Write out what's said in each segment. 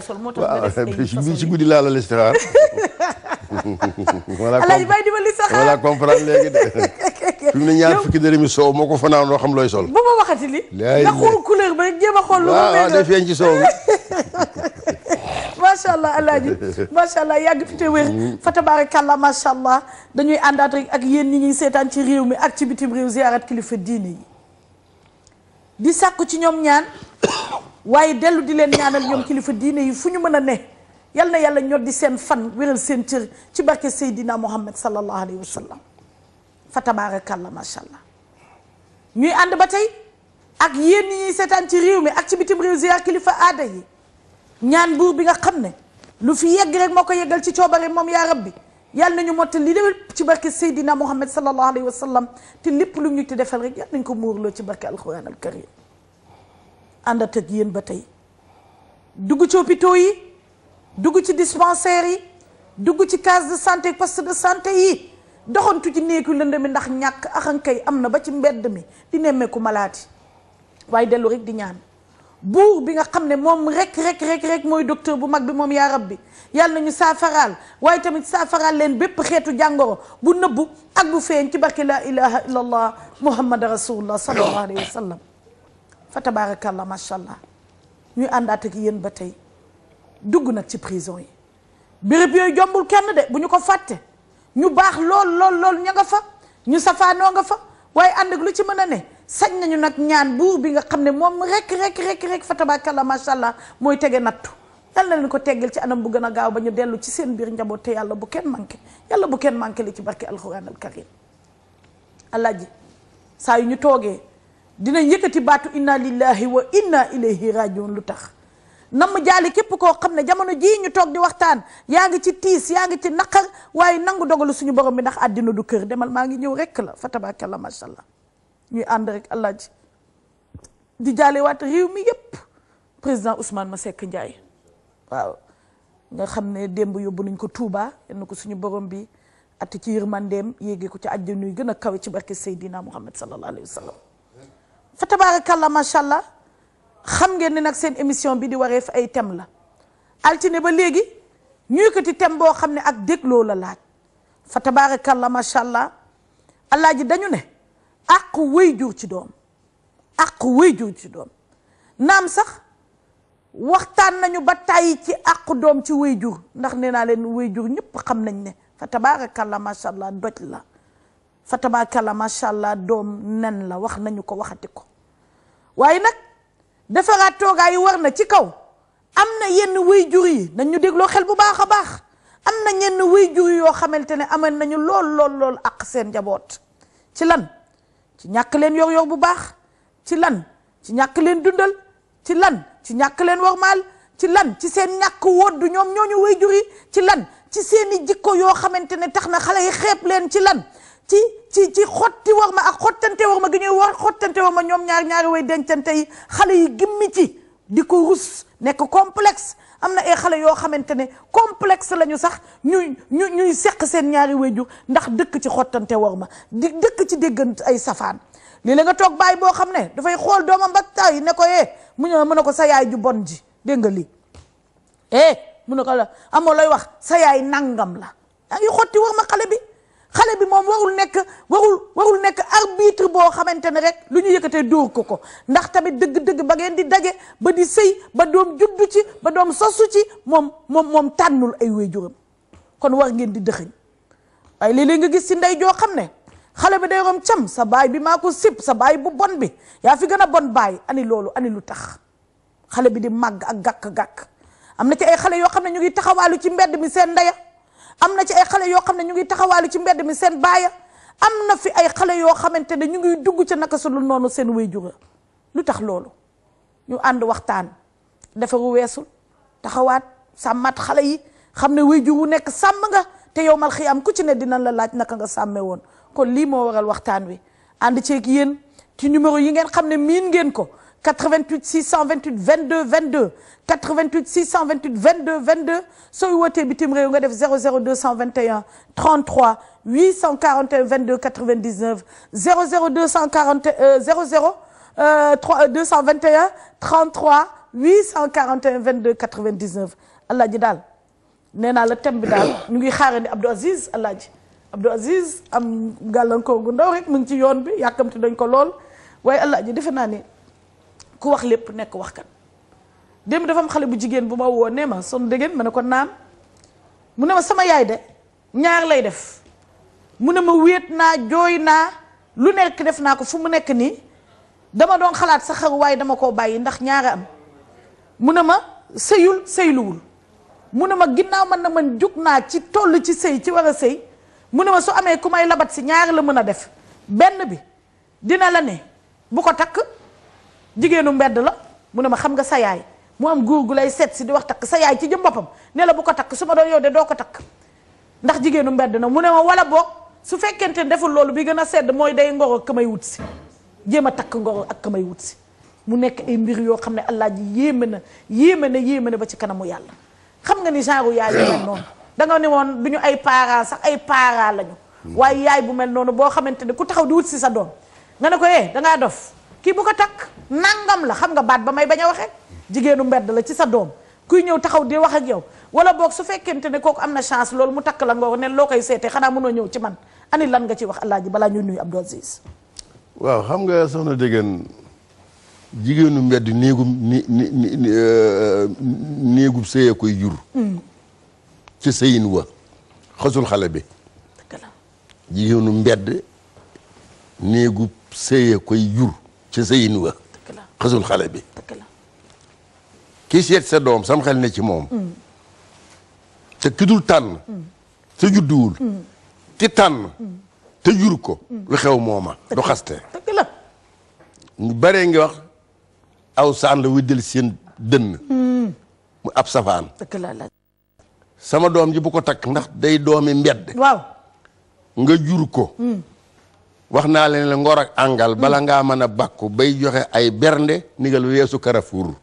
sol moo tax nga si guddi laa la listixaar alaaji soow moo ko fanaan loo looy sol bu ma waxati li couleur ba rek jéem a xool lu ma mel waaw feeñ ci soow bi macha allah alaaji macha allah yàgg fi te mm-hmm. fa tabarakallah macha allah dañuy àndaat ak yéen seetaan ci réew mi ak ci bitim réew ziyaarat kilifa diine yi di sàkku ci ñoom ñaan waaye dellu di leen ñaanal ñoom kilifa diine yi fu ñu mën a ne yal na yàlla di seen fan wéral seen cër ci barke Seydina Muhammad sallallahu alayhi wa sallam fa tabaarakallah macha allah ñuy ànd ba tey ak yéen ñi ñuy seetaan ci réew mi ak ci bitim réew ziar kilifa aada yi ñaan buur bi nga xam ne lu fi yegg rek moo ko yeggal ci coobare moom yaa rabbi yàlla nañu mottal li lépp ci barke Seydina Muhammad sallallahu alayhi wa sallam te lépp lu ñu ci defal rek yàlla nañ ko muurloo ci barke alquran al karim àndat ak yéen ba tey dugg ci hôpitaux yi dugg ci dispensaires yi dugg ci case de santé poste de santé yi doxantu ci néegu lënd mi ndax ñàkk axankay am na ba ci mbedd mi di nemmeeku malaati waaye dellu rek di ñaan buur bi nga xam ne moom rekk rek rek mooy docteur bu mag bi moom yaa rab bi yàlla nañu saafaraal waaye tamit saafaraal leen bépp xeetu jàngoro bu nëbbu ak bu feeñ ci barke la ilaha illallah muhammad rasulullah sallallahu alayhi wa sallam fa tabaarakàlla macha allah ñuy àndaat ak yéen ba tey dugg nag ci prison yi béréb yooyu jombul kenn de bu ñu ko fàttee ñu baax lool lool lool ña nga fa ñu safaanoo nga fa waaye ànd ak lu ci mën na ne sañ nañu nag ñaan buur bi nga xam ne moom rek rek rek rek fa tabaarakàlla macha allah mooy tege nattu. yàlla na ko teggil ci anam bu gën a gaaw ba ñu dellu ci seen biir njaboot te yàlla bu kenn manqué yàlla bu kenn manqué li ci barke alxuraan al karim alaaji saa yu ñu toogee dinañ yëkkati baatu inna lillahi wa inna ilayhi rajiun lu tax nam jaali képp koo xam ne jamono jii ñu toog di waxtaan yaa ngi ci tiis yaa ngi ci naqar waaye nangu dogalu suñu borom bi ndax àddina du kër demal maa ngi ñëw rekk la fa la macha allah ñuy ànd rek allah di jaale waat réew mi yépp président ma sekk Ndiaye waaw nga xam ne démb yóbbu nañ ko Touba yenn ko suñu borom bi atti ci yërmandeem yéegee ko ci àjjana yu gën a kaw ci barke Seydina Muhammad sallallahu alayhi wa sallam fa la macha allah xam ngeen ni nag seen émission bi di waree wareef ay thème la altine ba léegi ñu yëkkati thème boo xam ne ak dégloo la laaj fa la macha allah allah ji dañu ne àq jur ci doom àq jur ci doom naam sax waxtaan nañu ba tàyyi ci àqu doom ci jur ndax nee naa leen jur ñëpp xam nañ ne fa la macha allah doj la fa tabaarakàlla macha allah doom nen la wax nañu ko waxati ko waaye nag defaraat toogaay yi war na ci kaw am na yenn wuy jur yi nañ ñu dégloo xel bu baax a baax am na ñenn wuy jur yoo xamante ne amal nañu lool lool lool ak seen njaboot ci lan ci ñàkk leen yor-yor bu baax ci lan ci ñàkk leen dundal ci lan ci ñàkk leen warmaal ci lan ci seen ñàkk woddu ñoom ñooñu wuy jur yi ci lan ci seeni jikko yoo xamante ne tax na xale yi xeeb leen ci lan ci ci ci xotti war ma ak xottante war ma gi ñuy war xottante war ma ñoom ñaar ñaari way dencante yi xale yi gimmi ci di ko rus nekk complex am na ay xale yoo xamante ne complexe la ñu sax ñuy ñu seq seen ñaari ju ndax dëkk ci xottante war ma di dëkk ci déggant ay safaan lii la nga toog baay boo xam ne dafay xool doomam ba tay ne ko eh mu ñëw mu ne ko sa yaay ju bon ji dégg nga lii eh mu ne ko la amoo lay wax sa yaay nangam la ay xotti war ma xale bi xale bi moom warul nekk warul warul nekk arbitre boo xamante ne rek lu ñu yëkkatee dóor ko ko ndax tamit dëgg-dëgg ba ngeen di daje ba di sëy ba doom juddu ci ba doom sosu ci moom moom moom tànnul ay waajuram kon war ngeen di dëxëñ waaye léeg-léeg nga gis ci ndey joo xam ne xale bi day rom cam sa baay bi maa ko sib sa baay bu bon bi yaa fi gën a bon baay ani loolu ani lu tax xale bi di màgg ak gàkk-gàkk am na ci ay xale yoo xam ne ñu ngi taxawaalu ci mbedd mi seen ndeya am na ci ay xale yoo xam ne ñu ngi taxawaalu ci mbedd mi seen baaya am na fi ay xale yoo xamante ne ñu ngiy dugg ca naka su lu noonu seen waajur lu tax loolu ñu ànd waxtaan defaru weesul taxawaat sàmmaat xale yi xam ne waajur wu nekk sàmm nga te yow mal xiyaam ku ci ne dina la laaj naka nga sàmmee woon kon lii moo waral waxtaan wi ànd ceeg yéen ci numéro yi ngeen xam ne miin ngeen ko vingt 88 628 22 22 88 628 22 22 sooy wootee bitim réew nga def 00 221 33 841 22 99 00 241 euh, 00 euh, 3 221 33 841 22 99 Alaaji daal nee naa la thème bi daal ñu ngi xaarandi Abdou Aziz Alaaji Abdou Aziz am gàllankoor gu ndaw rek mu ngi ci yoon bi yàkkamti dañ ko lool waaye Alaaji defe naa ne. ku wax lépp nekk waxkat démb dafa am xale bu jigéen bu ma woo nee ma son dégg ma ne ko naan mu ne ma sama yaay de ñaar lay def mu ne ma wéet naa jooy naa lu nekk def naa ko fu mu nekk nii dama doon xalaat sa xaru dama koo bàyyi ndax ñaar am mu ne ma sëyul sëyluwul mu ne ma ginnaaw man na mën jug naa ci toll ci sëy ci war a sëy mu ne ma su amee ku may labat si ñaar la mën a def benn bi dina la ne bu ko takk jigéenu mbedd la mu ne ma xam nga sa yaay mu am góor gu lay seet si di wax takk sa yaay ci jëm boppam ne la bu ko takk su ma doon yow de doo ko takk ndax jigéenu mbedd na mu ne ma wala boog su fekkente ne deful loolu bi gën a sedd mooy day ngoro ak ka may si jéem a takk ngoro ak may wut si mu nekk ay mbir yoo xam ne allah ji yéeme na yéeme ne yéeme ne ba ci kanamu yàlla xam nga ni genre yaay bu mel noonu da ne woon du ñu ay parents sax ay parents lañu waaye yaay bu mel noonu boo xamante ne ku taxaw di wut si sa doom nga ko eh dangaa kii bu ko takk nangam la xam nga baat ba may bañ a waxee jigéenu mbedd la ci sa doom kuy ñëw taxaw di wax ak yow wala boog su fekkente ne kooku am na chance loolu mu takk la nga ne loo koy seetee xanaa mënoo ñëw ci man ani lan nga ci wax alaaji balaa ñuy nuyu Abdou Aziz xam nga soxna Degene jigéenu mbedd néegum ni ni euh, néegum sëyee hmm. xasul xale bi jigéenu mbedd néegub sëyee koy jur ci sëyin wa xësul xale bi. sa doom sam xel ne ci moom. Mm. te ki dul tànn. Mm. te judduwul. Mm. ki tànn. te jur ko. lu xew mooma du xaste. baree la. ngi wax aw saan la widdal seen dënn. mu ab safaan. sama doom ji bu ko takk ndax day doomi mbedd. nga jur ko. wax naa leen ne ngor ak àngal bala mm. ngaa mën a bàkku bay joxe ay bernde ndigal weesu Carrefour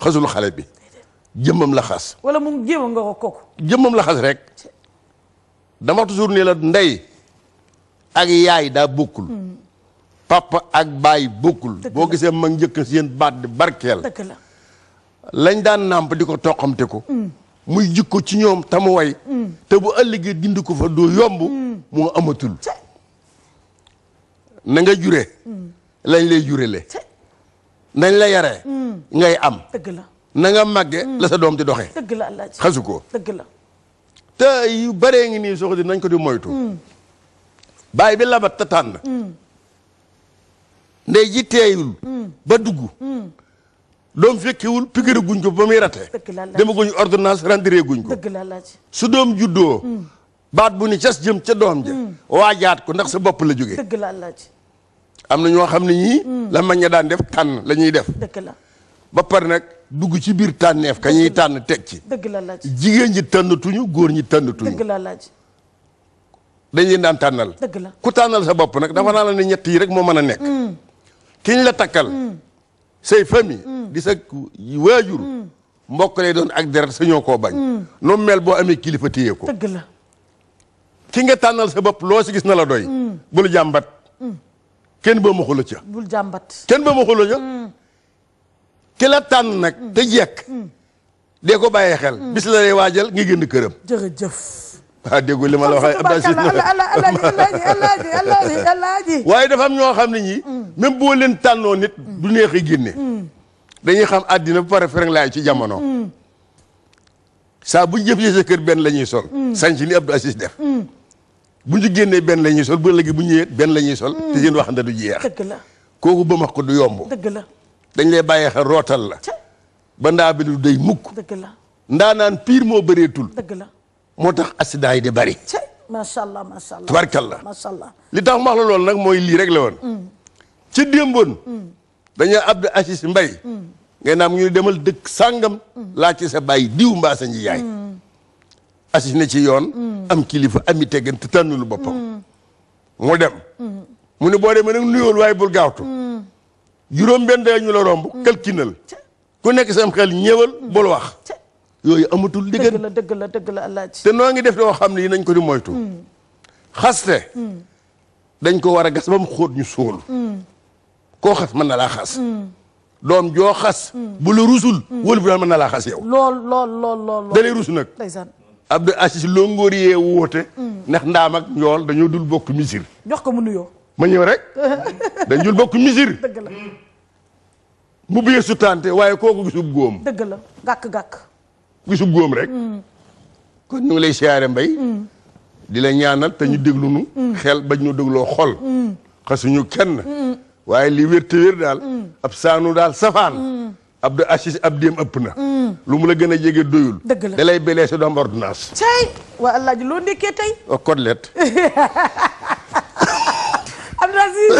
xasul xale bi jëmmam la xas. wala mu jéem nga ko jëmmam la xas rek dama toujours ne la ndey ak yaay daa bokkul. Mm. papa ak baay bokkul. boo gisee mag njëkk seen baat di barkeel. lañ daan nàmp di ko toqamte ko. Mm. muy jikko ci ñoom tamu way te bu ëllëgee dindi ko fa doo yomb. moo amatul na nga jure lañ lay jurele nañ la yare ngay am dëgg la na nga màgge mm. la sa doom di doxee dëgg la alaaji xasu ko dëgg la te yu ngi nii soxna nañ ko di moytu mm. baay bi labat te tànn mm. ndey ji teeyul ba dugg doom fekkiwul pigiri guñ ko ba muy rate dama guñ ordonnance rendiré guñ ko su doom juddoo baat bu ni cas jëm ca doom ja hmm. waajaat ko ndax sa bopp la jógee dëgg am na ñoo xam ne ñii hmm. la mag daan def tànn la ñuy def dëgg la ba pare nag dugg ci biir tànneef ka tànn teg ci dëgg la alaaji jigéen ñi tànnatuñu góor ñi tànnatuñu dëgg la alaaji dañ leen daan tànnal dëgg ku tànnal sa bopp nag dafa hmm. naa la ne ñett yi rek moo mën a nekk kiñ la takkal say famille di sa waajur mbokk lay doon ak deret sañoo koo bañ noonu mel boo amee kilifa téye ko dëgg ki nga tànnal sa bopp loo si gis na la doy. Mm. Mm. bul jàmbat. kenn ba ma xula jàmbat kenn ba ma xula ca. Mm. la tànn nag. te jekk. ko bàyyee xel. bis la waajal nga génn këram. jërëjëf. ah déggu li ma la waxee. waaye dafa ñoo xam ne ñi même leen tànnoo nit. du neex a génne. dañuy xam àddina ba pare fereng laay ci jamono. saa bu ñu jëfee sa kër benn la ñuy sol. sànci ni Abdou Aziz def. bu ñu génnee benn la ñuy sol bu ëllëgee bu ñëwee benn la ñuy sol. te seen waxande du jeex. dëgg kooku ba max ko du yomb. dëgg la dañ lay bàyyi xel rootal la. ba ndaa bi du day mukk. dëgg la ndaanaan pire moo bëreetul. dëgg la moo tax accident di bari. macha allah macha allah tubarkalla macha allah. li tax max la loolu nag mooy lii rek la woon. Mm. ci démboon. Mm. dañoo Abdou Aziz Mbaye mm. ngay naam ñu demal dëkk sàngam. laa ci sa bàyyi diw mbaa sa njiyaay. Aziz ne ci yoon. am kilifa ami teggin te tànnul boppam. mu dem. mu ne boo demee nag nuyool waaye bul gaawtu. juróom benn day ñu la romb. kalkinal ku nekk sam xel ñëwal bul wax. yooyu amatul diggante dëgg dëgg la la laaj. te noo ngi def wax xam ne yi nañ ko di moytu. Mm. xaste. Mm. dañ ko war a gas ba mu xóot ñu suul. Mm. koo xas mën na laa xas. doom joo xas. bu la rusul. wóolu bi daal mën na laa xas yow. lool lool lool lool. da lay rus nag. Abdou Aziz Longoor yee woote. Mm. ndax ndaam ak njool dañoo dul bokk misir. jox ko mu nuyoo. ma ñëw rek dañ dul bokk misir. dëgg la mu biyee su tante waaye kooku gisub góom. dëgg la gàkk gàkk. gisub góom rek. Mm. kon ñu ngi lay siyaare mbay. Mm. di la ñaanal te ñu déglu nu. xel bañ ñu dégloo xol. xasuñu kenn. waaye li wér te wér daal. ab saanu daal safaan. ab assis ab déem ëpp mm. lu mu la gën a jege doyul. dëgg la da lay blessé doo am ordonnance. cay waa El Hadj loo ndekkee tey. waa oh, côtelette. Abdou Aziz.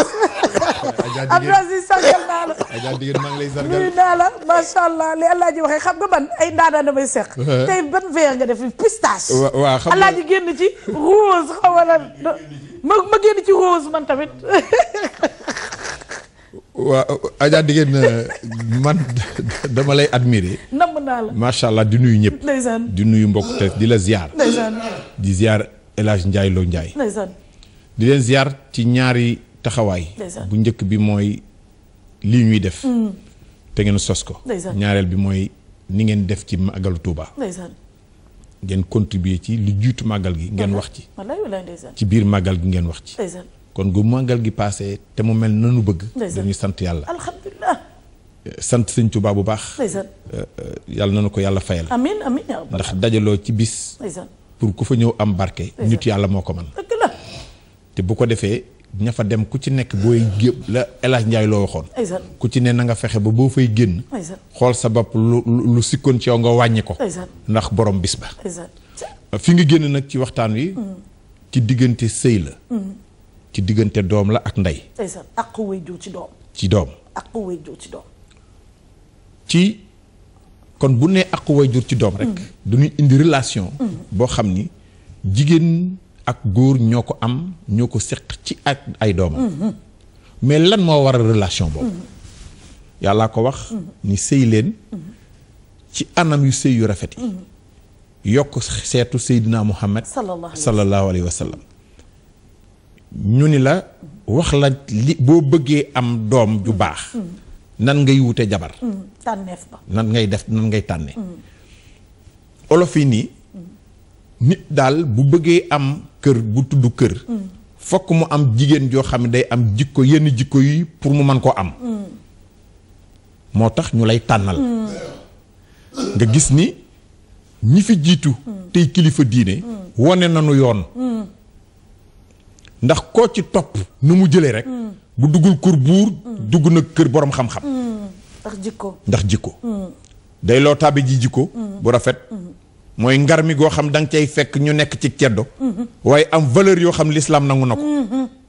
Abdou sargal naa la. Adja Diguène maa ngi lay sargal nuyu naa allah li El Hadj waxee xam nga man ay ndaanaan damay seq. Uh-huh. tey ban verre nga def pistache. waaw xam nga ci rose xaw ma ma génn ci rose man tamit. waaw Adja Diguène euh, man dama lay admirer. namm macha allah di nuyu ñëpp. ndeysaan di nuyu mbokk te di la ziar. di ziar El Hadj Ndiaye Lo di leen ziar ci ñaari taxawaay. bu njëkk bi mooy lii ñuy def. Mm. te ngeen sos ko. ñaareel bi mooy ni ngeen def ci màggalu Touba. ngeen contribuer ci lu jiitu màggal gi ngeen wax ci. ci biir màggal gi ngeen wax ci. kon gu màngal gi passé te mu mel nanu bëgg dañuy sant yàlla eh, sant sëñ Tuubaa bu baax eh, eh, yàlla nanu ko yàlla fayal amiin ndax dajaloo ci bis pour ku fa ñëw am barke nit yàlla moo ko man te bu ko defee ña fa dem ku ci nekk booy gépp la El Hadj loo waxoon ku ci ne na nga fexe ba boo fay génn xool sa bopp lu sikkoon ci yow nga wàññi ko ndax boroom bis ba fi nga génn nag ci waxtaan wi mm. ci diggante sëy la mm. ci diggante doom la ak ndey. ndeysaan àq waajur ci doom. ci doom. àq waajur ci kon bu nee àq waajur ci doom rek. Mm-hmm. dañuy indi relation. Mm-hmm. boo xam ni jigéen ak góor ñoo ko am ñoo ko seq ci ak ay doomam. Mm-hmm. mais lan moo waral relation boobu. yàllaa ko wax. ni sëy leen. ci anam yu sëy yu rafet yi. yokk seetu Seydina Muhammad. sallallahu alayhi wa sallam. ñu ni la wax la li boo bëggee am doom ju baax nan ngay wute jabar mm, tànneef nan ngay def nan ngay tànne mm. olof yi nii mm. nit daal bu bëggee am kër bu tudd kër fokk mu am jigéen joo xam ne day am jikko yenn jikko yi pour mu mën koo am moo tax ñu lay tànnal nga gis ni ñi fi jiitu tey kilifa diine wane nanu yoon ndax koo ci topp nu mu jëlee rek. Hmm. bu duggul kër buur. Hmm. dugg na kër borom xam-xam. Hmm. ndax jikko ndax jikko. day loo taabe ji jikko. bu rafet. mooy ngar goo xam danga nga cay fekk ñu nekk ci ceddo. waaye am valeur yoo xam lislaam nangu na ko.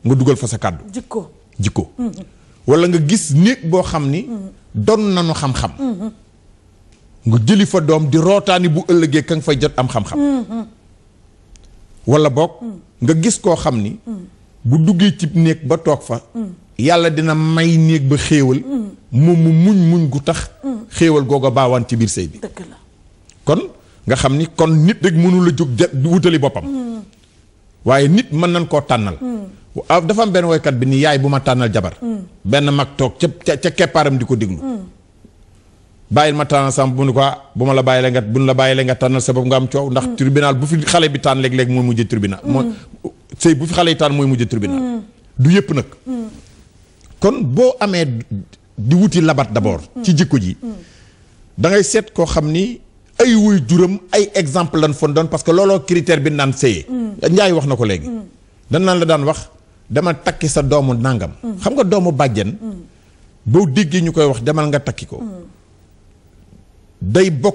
nga dugal fa sa kàddu. jikko jikko. wala nga gis néeg boo xam ni. don nañu xam-xam. nga jëli fa doom di rootaani bu ëllëgee ka nga fay jot am xam-xam. wala boog nga gis koo xam ni bu duggee ci néeg ba toog fa yàlla dina may néeg ba xéewal moom mu muñ muñ gu tax xéewal googa baawaan ci biir sëy bi kon nga xam ni kon nit rek mënul a jóg wutali boppam waaye nit mën nañ koo tànnal dafa am benn woykat bi ni yaay bu ma tànnal jabar mm. benn mag toog ca ca keppaaram di ko déglu mm. bàyyil ma tànn sam bu ne ko ah, bu ma la bàyyilee nga bu nu la bàyyilee nga tànnal sa bopp nga am coow. ndax mm. tribunal bu fi xale bi tànn léeg-léeg mooy mujj tribunal. Mm. moo sëy bu fi xale yi tànn mooy mujj tribunal. Mm. du yëpp nag. kon boo amee di wuti labat d'abord. ci jikko ji. da ngay seet koo xam ni ay wuy juram ay exemple lan fon doon parce que looloo critère bi naan sëyee. Njaay wax na ko léegi. dañ naan la daan wax dama takki sa doomu nàngam. xam nga doomu bàjjen. boo déggee ñu koy wax demal nga takki ko. day bokk